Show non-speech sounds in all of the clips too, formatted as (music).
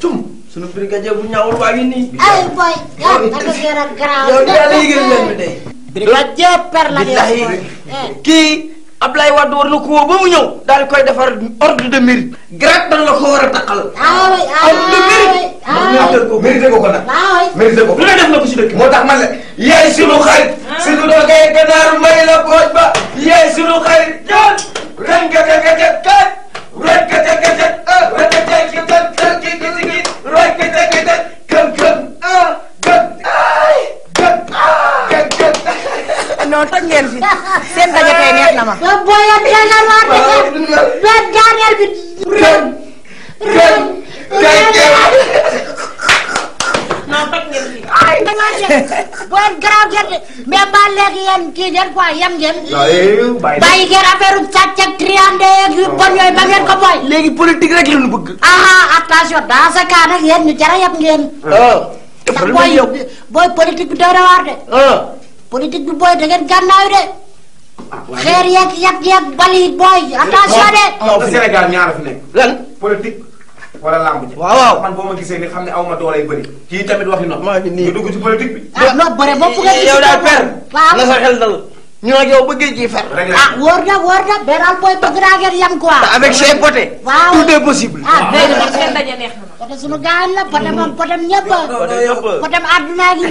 cum sunu e brigadier bu ñaawul waa ngi nii. ay boy yow a garaaw. yow yàlla yëgal leen bi per la ngeen kii Ablaye Wade war na ko ba mu ñëw. daal koy defar ordre de mérite. grade dañ la ko war a taxal. ordre de mérite. mérité ko mérité ko nag. mérité ko lu ne def na ko si dëkk moo tax man may la pooj ba. yaay sunu xarit ñoom. ren gàncax gàncax gàncax ren gàncax seen daje tey neex na ma. booyal tegal waa tegal. ba Daniel bi. rëy rëy rëy non toj ngeen fii. ay booyal garaaw gerte. mais ba léegi yéen kii ngeen quoi yem ngeen. bàyyi ngeen affaire sàcc ak triande ak yu bon yooyu ba ngeen ko booy. léegi politique rek lañu bëgg. ah attention dans ce cas nag yéen ñu jara yem ngeen. te ah. booy booy politique bi doy na waar de. Ah. politique bi booy da ngeen gànnaaw de. xeer yeeg yàgg yàgg bali booy. attention de. non Sénégal ñaar fi nekk. lan politique wala lamb ji. waaw waaw man boo ma gisee ni xam ne aw ma doole yu bëri. kii tamit wax na. maa ngi nii dugg ci politique bi. ah ji fer. ah wóor na wóor na beral booy bëgg naa ngeen yem quoi. avec ses potes. waaw tout possible. ah mais nag seen daje pote sunu gaañ pote moom pote gi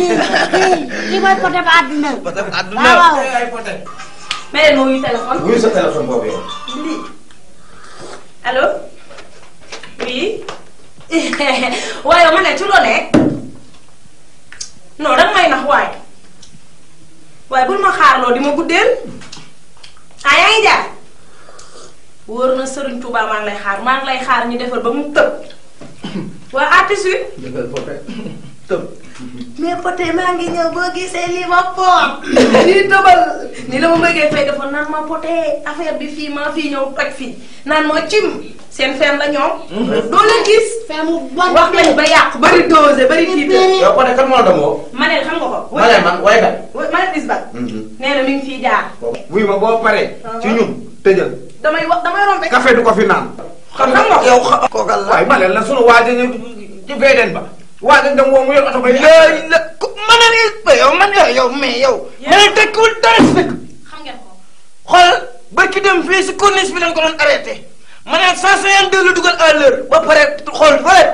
nii lii (laughs) mooy pote àdduna. pote waaw. Eh, may leen ma wuyu téléphone. wuyu sa téléphone boobu yow. lii allo. oui. (laughs) waaye ma ne ci loo nekk. non may nax waaye. waaye bul ma xaarloo di ma guddeel. ah yaa jaar. wóor na Serigne Touba maa ngi lay xaar maa lay xaar ñu defar ba mu tëb. (coughs) waa à suite. tëb mais poté maa ngi ñëw boo gisee lii ma foor lii tëbal ni la ma mbëggee fay dafa naan ma poté affaire bi fii maa fii ñëw toj fii naan ma cim seen fen la ñoom mhm. doo gis fen mu bon wax nañ ba yàq bari dose bari tiita yow poté kan man way kat ma ne bis bat mhm. nee fii jaar wuy ma boo paree uh-huh. ci ñun tëjal damay wax damay rombe café du ko fi naan xam nga yow koogal la waaye ma la sunu waaja ñu ci fee ba waa dañ dem woo mu yor oto ba. yooyu la ku mën a yow man yow mais yow. yow man tekkiwul dara si dëkk. xam ngeen ko. xoolal barki dem fii si corniche bi lañ ko doon arrêté ma ne 152 la dugal à l'heure ba pare xool fële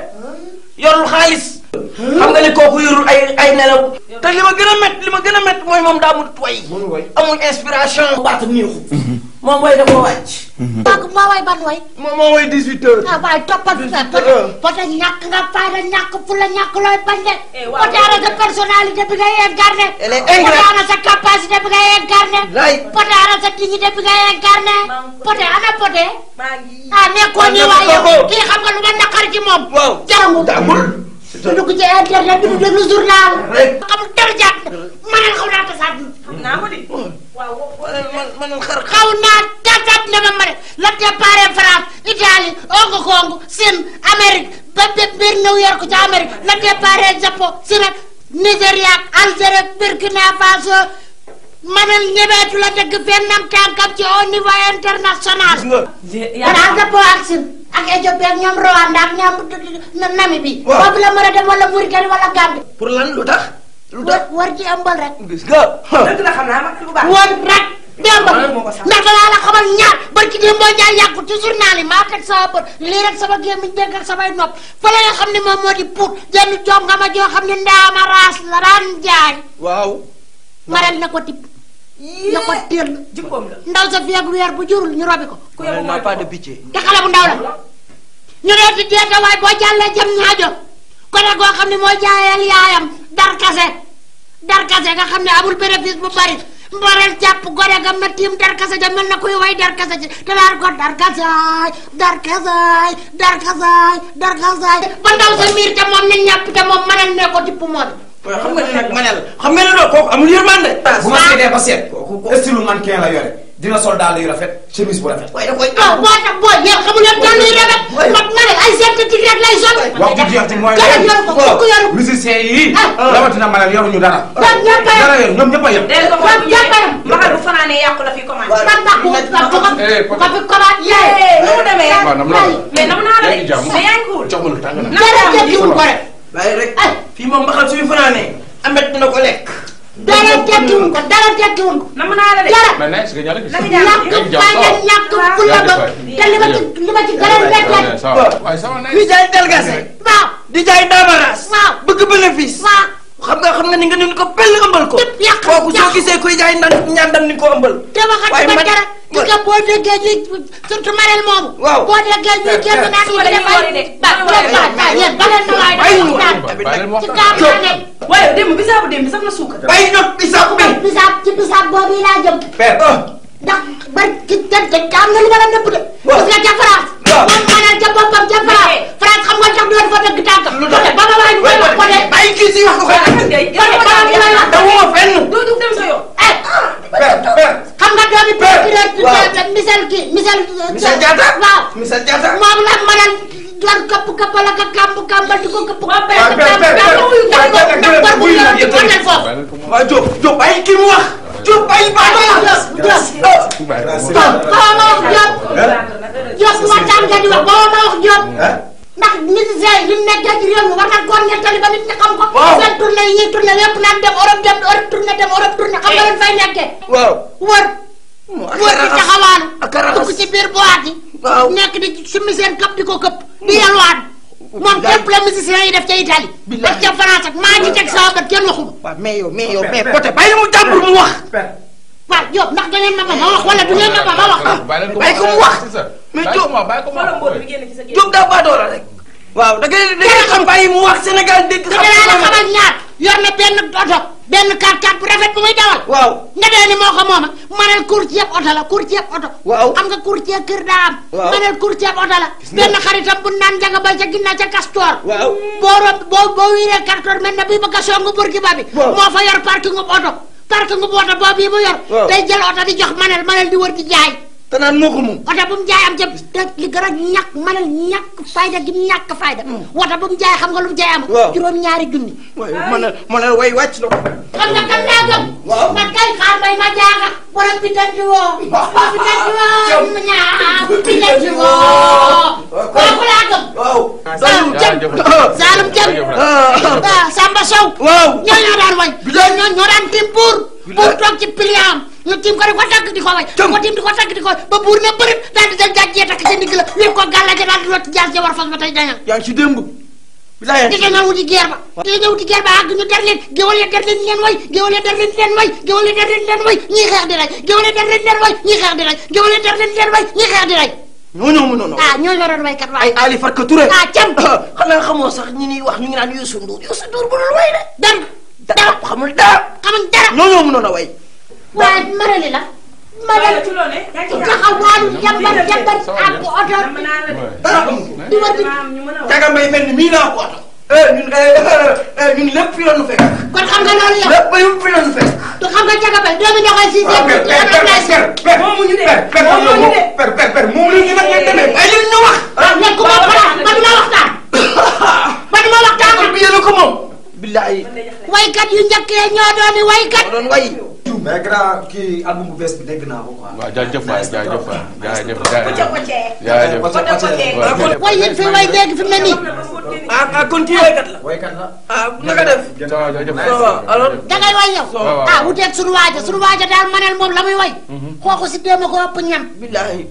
yorul xaalis. xam nga ni kooku yorul ay ay nelaw. te li ma gën a métti li ma gën a métti mooy moom daa amul way. amul inspiration. baatu neexu. (laughs) moom way da koo wàcc. donc mhm. moo way ban way. moom moo way 18 heures. ah waaye toppatoo sa peut être peut être ñàkk nga fayda ñàkk fula ñàkk looy bañ de. peut être sa personnalité bi ngay incarné. elle est incarné peut être sa capacité bi ngay incarné. lay peut être sa dignité bi ngay incarné. peut être ana peut être. ah nekkoon nii waaye yow kii xam nga lu ma naqari ci moom. waaw jàngul jàngul. du dugg ci internet bi du déglu journal. rek xamul dara jàpp na. ma ne xaw naa ko saa waaw man man xar xaw naa tatat ne ma ma ne la déparé France Italie Hong Kong Chine Amérique ba biir New York ca Amérique la déparé Japon Sénégal Nigéria Algérie Burkina Faso manal ñebeetu la dëgg fennam tànkam ci au niveau international. xanaa Japon ak Chine ak Éthiopie ak ñoom Rwanda ak ñoom Namibie. waaw boobu la mën a dem wala Mauritanie wala Gambie. pour lan lu tax. lu war war ji ambal rek. gis nga. dëgg la xam naa ma la xamal ñaar barki démb jaay yàggu ci journal yi maa teg sama lii rek sama gémmiñ dégg ak samay nopp fa la nga xam ne moom moo di puut jenn joom nga ma joo xam ne ndaama la daan jaay. waaw. na ko tip. na ko teel. jikkoom la ndaw sa feeg weer bu jurul ñu robi ko. ku yóbbu bu ndaw la. ñu doon di deeta ñaajo. ko ne goo xam ne moo jaayal yaayam. darkase darkase nga xam ne amul bénéfice bu bari mbareel jàpp gore ga ma tiim darkase ja mel na kuy way darkase ji te ko darkasaay darkasaay darkasaay darkasaay ba ndaw sa miir te moom ne ñàpp te moom mënal ne ko tipp moom xam nga ne nag manel xam nga ne loolu kooku amul yërmande. bu ma seetee ba seet. kooku style man kenn la yore. dina sol daal yu rafet chemise bu rafet. waaye da koy non boo tax boo yéen xamul yéen daal yu rafet. mag nga ne ay synthétique rek lay sol. wax ju jeex mooy loolu musicien yi. rawatina manel yoruñu dara. dara yor ñoom ñëpp a yem. mbaxal bu fanaanee yàqu la fi commande. waaw waaw waaw waaw bàyyi rek ay eh! fii moom mbaxal suy fanaanee amet dina ko lekk. dara tekkiwul ko dara tekkiwul ko. namm naa la de dara. mais nekk si nga ñàkk ñàkk ku la ba te li ma di jaay delgase. waaw di jaay daamaraas. waaw xam nga xam nga ni nga ni ko pell ëmbal ko. yàq yàq soo gisee kuy jaay ndan ñaan ni ko ëmbal. te waxati ko dara. gis nga boo déggee ñuy surtout marel moomu. waaw boo déggee ñuy génn eh, eh. naan ñu ngi defal. waaw waaw démb bisaab démb sax na suukar. bàyyi ñoom bisaab bi. bisaab ci bisaab boobu yi laa jëm. ndax ba ki jant am na lu ma la nëbb de. gis nga ca France. moom maanaam ca boppam ca France. France xam nga tax doon fa dëgg tànkam. Missa Diatta waaw Missa Diatta moom ma daan doon këpp këppal ak kàmb kàmbal di ko këpp. waaw père père père waaw Diop Diop ay kii mu wax. Diop ay ma tànga di wax ba ma wax Diop. na koo nit ñi xam ko. waaw seen tournée yi ñuy tourné lépp naan dem Europe dem Europe góor di taxawaalu. ak dugg ci biir boîte yi. waaw nekk di summi seen këpp di ko këpp. di yalwaan. moom képp la musicien yi def ca Italie. bilaay def ca France ak maa ngi teg sama bët kenn waxuma. waaw mais yow mais yow mais côté bàyyi mu jàmbur mu wax. waaw Diop ndax da ngeen ma ma wax wala du ngeen ma ma wax. bàyyi ko mu wax mais Diop Diop daa baadoo la rek. waaw da ngeen da ngeen xam bàyyi mu wax Sénégal dégg. xam nga xamal ñaar yor na benn oto. benn kaat kaat bu rafet bu muy dawal. waaw nga dee ni moo ko moom ak manel courtier oto la courtier oto. waaw am nga courtier kër daa am. waaw manel courtier oto la. benn xaritam bu naan njanga ca ginnaaw ca Castor. boo rob boo boo wiiree Castor mel na bii bëgg a songu Bourguiba bi. moo fa yor parking bu oto. parking bu oto boobu yi mu yor. day jël oto di jox manel manel di wër di jaay. te naan moo ko moom. oto bu mu jaay am ca li gën a ñàkk mënal ñàkk fayda gi ñàkk fayda. Hmm. bu mu jaay xam nga lu mu jaay ñaari junni. waaw man la man way wàcc na ko. xam nga kay xaar ma jaaga. borom bi denc woo. (laughs) borom bi denc woo. ñaar bi denc ah, ah. ah. Samba Sow. waaw ñoo daan wañ. ñoo ñoo daan tim pour pour toog ci ñu tiim ko di ko tàgg di ko way ko tiim di ko tàgg di ko ba buur na bërit daal di jël jaaj jee takk sa ndigg la (coughs) wér ko gàlla ja daal di rot jaas ja war fas ba tey dañal yaa ngi ci démb bilaay di nga wuti geer ba di nga wuti geer ba àgg ñu der leen géwal ya der leen leen way géwal ya der leen leen way géwal ya der leen leen way ñuy xeex di rey géwal ya der leen leen way ñuy xeex di rey géwal ya der leen leen way ñuy xeex di rey ñooñu mu noonu ah ñooñu waroon waykat waaye ay Ali Farka Touré ah cam ah, xanaa xamoo sax ñi ñuy wax ñu ngi naan Youssou Ndour Youssou Ndour bu dul way de dara dara xamul dara xamul dara ñooñu mu noonu way waaye marali la. marali taxawaalu jàmbar jàmbar ak oto. dara di war di. Caga Mbaye mel ni mii naa ko oto. Eh, ñun eh, eh, ñun lépp fi doon fekk. kon xam nga loolu yow. lépp lépp fi doon fekk. du xam nga Caga Mbaye doomi doxal si seen. per moomu ñu de. per moomu ñu de per per per moomu ñu nag ngeen demee. ay yéen ñu wax. nekk ku ma xalaat ba (coughs) du ma waxtaan. ba du ma waxtaan. kon bi yéen a ko moom. billaay. waykat yu njëkk yi ñoo doon waykat. doon way. mais grand kii album bu bees bi dégg naa ko fi waay dégg fi mu ne nii. ah ah kon kii waykat la. la ah way yow. ah wuteeg sunu waaja sunu waaja daal manel moom la muy way. Mhm. kooku si démb ko ëpp ñam. billahi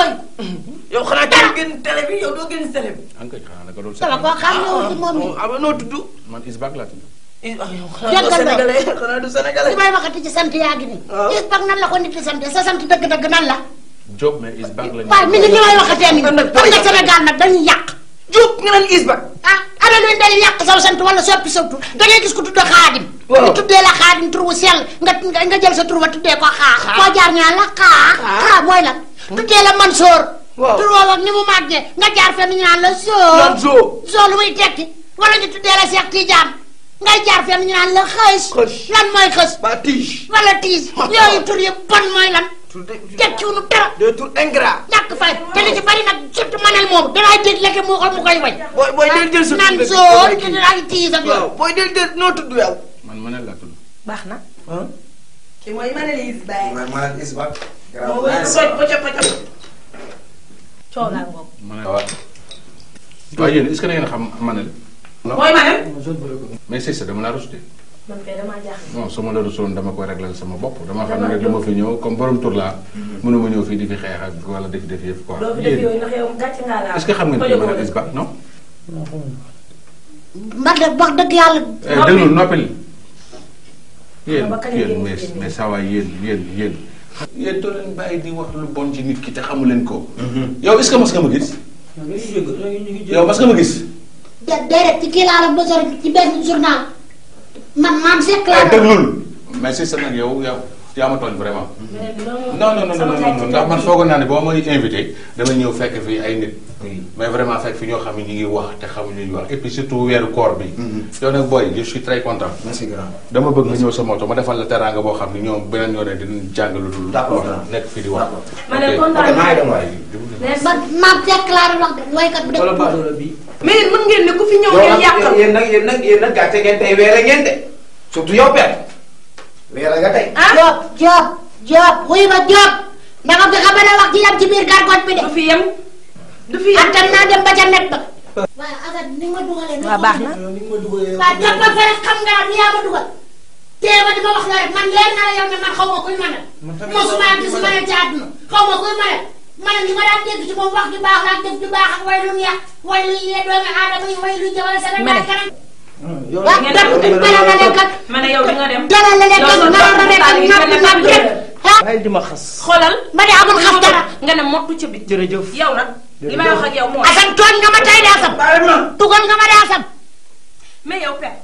way. yow xanaa kenn gën télé bi yow doo gën télé bi. an moom mi. Ah, ah, ah, Eh, oh, jàngal na du sénégalais li ah. sa sant dëgg-dëgg nan la. Diop mais ISBAC la ñu. waaw mi ngi li may waxatee nii. xam nga ah, sant wala soppi sa tur da ngay gis ko tudd xaadim. waaw ñu tuddee la xaadim tur wu sell nga nga jël sa tur wa tuddee ko xaa. xaa koo jaar ñaan la xaa. xaa mooy lan. Hmm? tuddee la Mansoor. waaw tur woowu ak ni mu màggee nga jaar fenn ñu la Soo. lan lu muy tekki wala ñu tuddee la Cheikh Tidiane ngay jaar fenn ñu naan la xës. xës lan mooy xës. ba tiis. wala yooyu tur yëpp mooy lan. teg ci wu ñu tur ingrat. ñàkk fay te li bari nag surtout manal moom danaay dégg lekk mu xool mu koy way. booy soo te tiis ak yow. booy del del noo tudd yow. man manal laa tudd. baax na. kii waaye yéen est-ce que da ngeen xam mooy maanaam. mais c'est ça dama laa rejeté. man kay dama koy réglal sama bopp. dama xam ne rek li ma fi ñëw comme borom tur mhm. fii di fi xeex ak wala def yëf quoi. est-ce xam nga ni mën a is ba non. man de wax dëgg yàlla. Eh, déglu noppil yéen mais mais saa waay yéen yéen yéen. leen bàyyi di wax lu bon ci nit ki te xamu leen ko. Mhm. yow est-ce que ma gis. yow mas ma gis. déedéet ci kii laa la bësoon sa nag yow yow yaa ma tooñ vraiment. non non non non ndax man foogoon naa ne boo may invité damay ñëw fekk fii ay nit. mais vraiment fekk fi ñoo xam ne ñu ngi wax te xamuñu ñu wax et puis surtout weeru koor bi. Mm-hmm. yow nag booy je suis très content. merci grand dama bëgg nga ñëw sa moto ma defal la teraanga boo xam ne ñoom beneen ñoo ne dinañ jàng lu dul. d'accord fii di wax. ma ne wax mais yéen ngeen ne ku fi ñëw ngeen yàqal yéen nag yéen nag yéen nag gàcce tey weere ngeen de surtout yow benn weere tey. ah Diop Diop Diop wuyu ma Diop. ndax am ji yam ci biir gargote de. du fi yem tam naa dem ba ca net ba. waaw Agathe fere xam nga ni yaa ma dugal. tey ma di ma wax la man leer na la yow ne man ma kuy mën a. man tamit xaw ma kuy a mosuma gisuma ne ci àdduna xaw ma kuy mën a. ma ne li ma daan dégg ci moom wax ju baax ak def ju baax ak way lu neex way lu yee doomi aadama yi way lu jëmale sa kanam kanam yow la nga dem ma ne yow di nga dem dara la lekk ak rek di ma xas xoolal ma ne amul xas dara nga ne mottu ca bit jërëjëf yow nag li may wax ak yow mooy Assane tooñ nga ma tey daasam tugoon nga ma daasam mais yow pep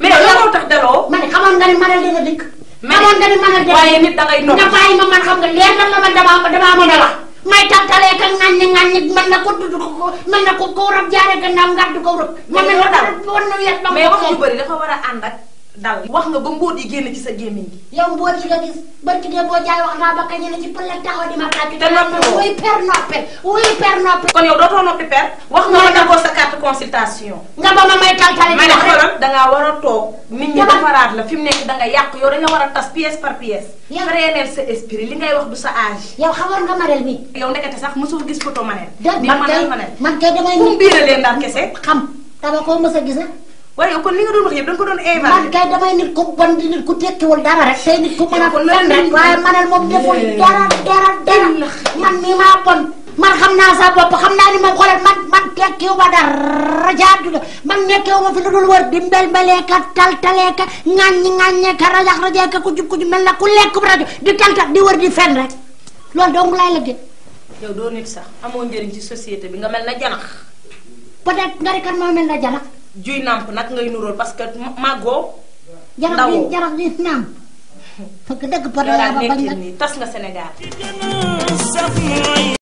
mais yow moo tax daloo ma ne xamoon nga ne ma ne dina dikk xamoon nga ne ma ne dina waaye nit da ngay nopp nga bàyyi ma man xam nga leer na ma man damaa damaa mën a wax may tàntalee ka ŋàññi ŋàññi mën na ko dudd ko mën na ko ko rab jaare gannaaw ngàdd ko rab. mën na ko rab war na yet ba mu bëri dafa war a ànd ak dal wax nga ba mbóot yi génn ci sa gémmiñ gi yow mbóot yi nga gis barki de boo jaay wax naa ba kañ ci pële taxaw di ma tàgg te noppi wax nga ma dagoo sa carte consultation nga ma may tàntale ma ne war a toog nit ñi defaraat la fi mu nekk danga yàq yow dañu war a tas pièce par pièce freiné sa esprit li ngay wax du sa âge yow xamoon nga Manel mi yow nekkate sax mosoo gis photo Manel man kay man kay damay biiralee ndax kese xam dama ko mës a gis ah. waaye kon li nga doon wax yëpp da nga doon évaluer. man kay damay nit ku bon di nit ku tekkiwul dara a fen rek man mii maa bon. man xam naa sa bopp xam naa ni moom man man tekkiwu ma dara jaadu la man nekkewu ma fi lu dul wër di mbel mbeleeka taltaleeka ŋàññi na ku lekk rajo di taltal di wër di fen rek loolu dong laay la gën. yow doo nit sax amoo njëriñ ci société bi nga mel na janax. peut-être nga ne kan mel na janax. juy nàmp nag ngay nuróol parce que màggoo. ndawoo jarax bi jarax nàmp. parce que dëgg par la ba bañ tas nga Sénégal.